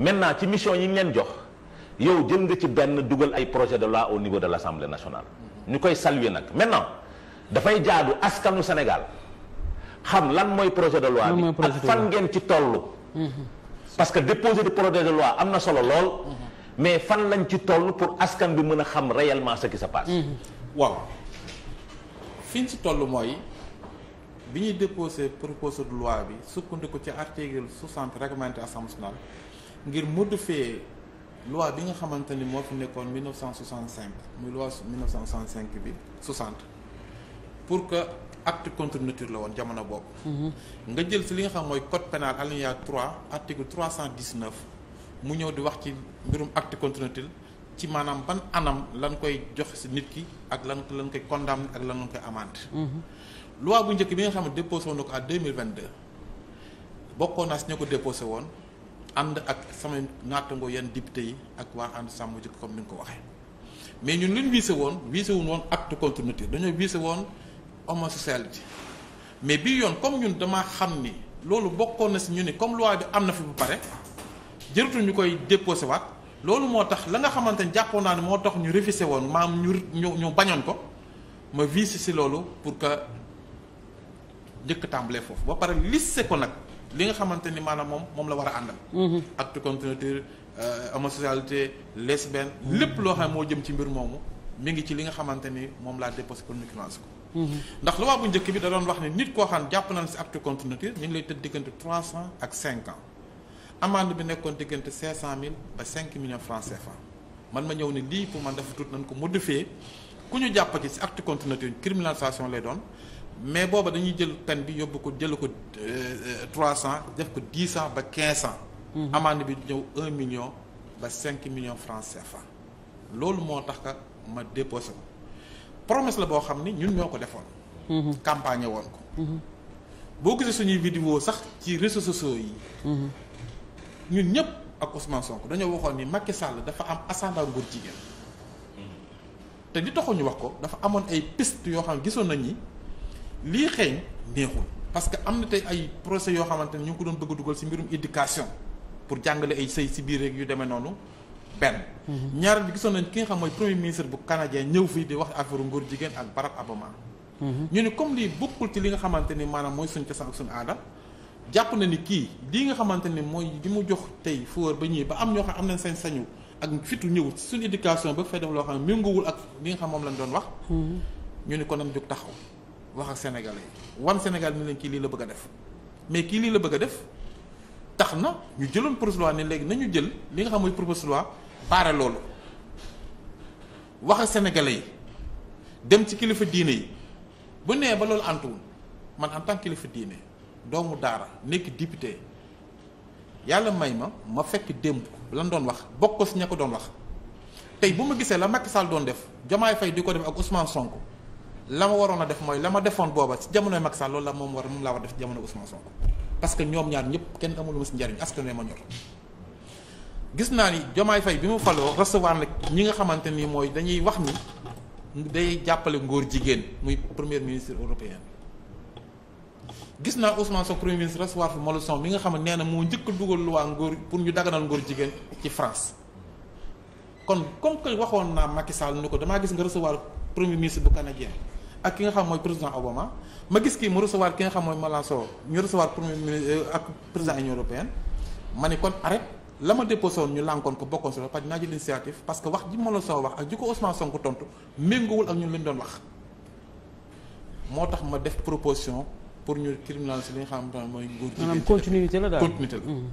maintenant ci mission yi ngeen jox yow jël ci benn dugal ay projet de loi au niveau de l' assemblée nationale. ñu koy saluer nag maintenant dafay jaadu askanu Sénégal xam lan mooy projet de loi bi ak fan ngeen ci toll. parce que déposer de projet de loi am na solo lool. mais fan lañ ci toll pour askan bi mën a xam réellement ce qui sa passe. Mhm. waaw fi ñu ci toll mooy bi ñuy déposé proposition de loi bi sukkandiku ci article 60 réglementé assemblée nationale. ngir modifier loi bi nga xamante ni moo fi nekkoon 1965 muy loi 1965 bi 60 pour que acte contre la woon jamono boobu. Mhm. nga jël si li nga xam mooy code pénal alinéa 3 article 319 mu ñëw di wax ci mbirum acte contre ci maanaam ban anam lan koy jox si nit ki ak lan lan koy condamné ak lan koy amande. Mhm. loi bu njëkk bi nga xam ne déposé woon na ko à 2022 bokkoon naa si ñu ko déposé woon. ànd ak sama naattango yan député yi ak waa ànd sàmm jikko comme ni nga ko waxee mais ñun luñ visé woon visé wuñ woon acte contre nature dañoo visé woon homosexualité mais bii yoon comme ñun damaa xam ni loolu bokkoon na si ñu ni comme loi bi am na fi bu pare jërëtul ñu koy déposé waat loolu moo tax la nga xamante ni jàppoon naa ne moo tax ñu refusé woon maam ñu ñu bañoon ko ma visé si loolu pour que njëkk tàmbalee foofu ba pare lissé ko nag li nga xamante ni maanaam moom moom la war a àndal. Mhm. acte contre euh, homosexualité lesbienne mhm. lépp loo xam moo jëm ci mbir moomu mu ngi ci li nga xamante ni moom laa déposé pour ñu financé ko. Mhm. ndax loi bu njëkk bi da doon wax ne nit koo xam jàpp nañ si ak contre nature ñu ngi lay tëdd diggante trois cent ak cinq ans amende bi nekkoon diggante cinq cent mille ba cinq millions francs CFA man ma ñëw ne lii pour man dafa tuut nañ ko modifier ku ñu jàpp ci si acte contre lay doon. mais booba dañuy jël peine bi yóbbu ko jël ko euh, trois cent def ko dix ans ba quinze ans. Mhm. amende bi ñëw un million ba cinq million francs fa loolu moo tax ka ma déposé ko promesse la boo xam ni ñun ñoo ko defoon. Mhm. campagne woon ko. Mhm. boo gisee suñuy vidéo sax ci réseaux sociaux yi. ñun ñëpp ak Ousmane Sonko dañoo waxoon nii Macky Sall dafa am ascendant nguur jigéen. te di taxu ñu wax ko dafa amoon ay piste yoo xam ne gisoon nañ ni. lii xeeñ neexul parce que am na tey ay procès yoo xamante ne ñu ngi ko doon bëgg dugal ci mbirum éducation pour jàngale ay sëy si biir rek yu demee noonu benn. Mhm. ñaar bi gisoon nañ ki nga xam mooy premier ministre bu canadien ñëw fii di wax affaire ngóor jigéen ak Barack Obama. Mhm. ñu ne comme lii bokkul ci li nga xamante ni maanaam mooy suñu cosaan ak suñu aada. jàpp na ni kii lii nga xamante ni mooy li mu jox tey fóor ba ñëwee ba am ñoo xam am nañ sañ-sañu ak fitu ñëw suñu éducation ba fay loo xam ne méngoowul ak li nga xam moom lañ doon wax. Mhm. ñu ne kon am jóg taxaw. wax ak sénégalais yi wan senegal ni leen kii lii la bëgg a def mais kii lii la bëgg a def tax na ñu jëloon proposition de loi ne léegi nañu jël li nga xam mooy proposition de baare loolu wax ak sénégalais yi dem ci kilifa diine yi bu nee ba loolu antuwul man en tant kilifa diine doomu daara nekk député yàlla may ma ma fekk démb lan doon wax bokk ko si ña ko doon wax tey bu ma gisee la Macky Sall doon def Diomaye fay di ko def ak Ousmane Sonko. la ma waroon a def mooy la ma defoon booba ci jamonoy Macky Sall loolu la moom war moom laa war def ci jamono Ousmane Sonko parce que ñoom ñaar ñëpp kenn amul ma si njariñ askan wi ma ñor gis naa ni Diomaye Faye bi mu faloo recevoir nag ñi nga xamante ni mooy dañuy wax day jàppale ngóor jigéen muy premier ministre européen gis naa Ousmane Sonko premier ministre recevoir fi Molusson mi nga xam ne nee na moo njëkk dugal loi ngóor pour ñu daganal ngóor jigéen ci France kon comme que waxoon naa Macky Sall ni ko damaa gis nga recevoir premier ministre bu canadien ak ki nga xam mooy président Obama ma gis kii mu recevoir ki nga xam mooy Malanso ñu recevoir premier ministre euh, ak président Union européenne ma ni kon arrêt la ma déposé woon ñu lànkoon ko bokkoon si la parce que naa jël initiative parce que wax ji Malanso wax ak ji ko Ousmane Sonko tontu méngoowul ak ñun li doon wax moo tax ma def proposition pour ñu criminaliser li nga xam mooy. nguur gi continuité la daal continuité la. Mm-hmm.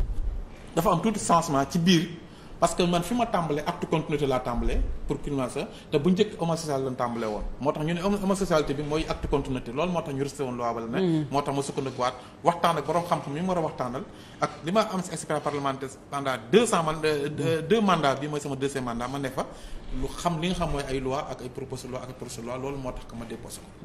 dafa am tuuti changement ci biir. parce que man fi ma tàmbalee acte continuité laa tàmbalee pour climat te bu njëkk homosexualité lañ tàmbalee woon moo tax ñu ne homosexualité bi mooy acte continuité loolu moo tax ñu resté woon loi wala ne mm. moo tax ma sukkandikuwaat waxtaan ak borom xam-xam yi mu war a waxtaanal ak li ma am si expérience parlementaire pendant deux cent man euh, euh, deux mandats bi mooy sama deuxième mandat ma ne fa lu xam li nga xam mooy ay loi ak ay proposition loi ak ay proposition moo tax que ma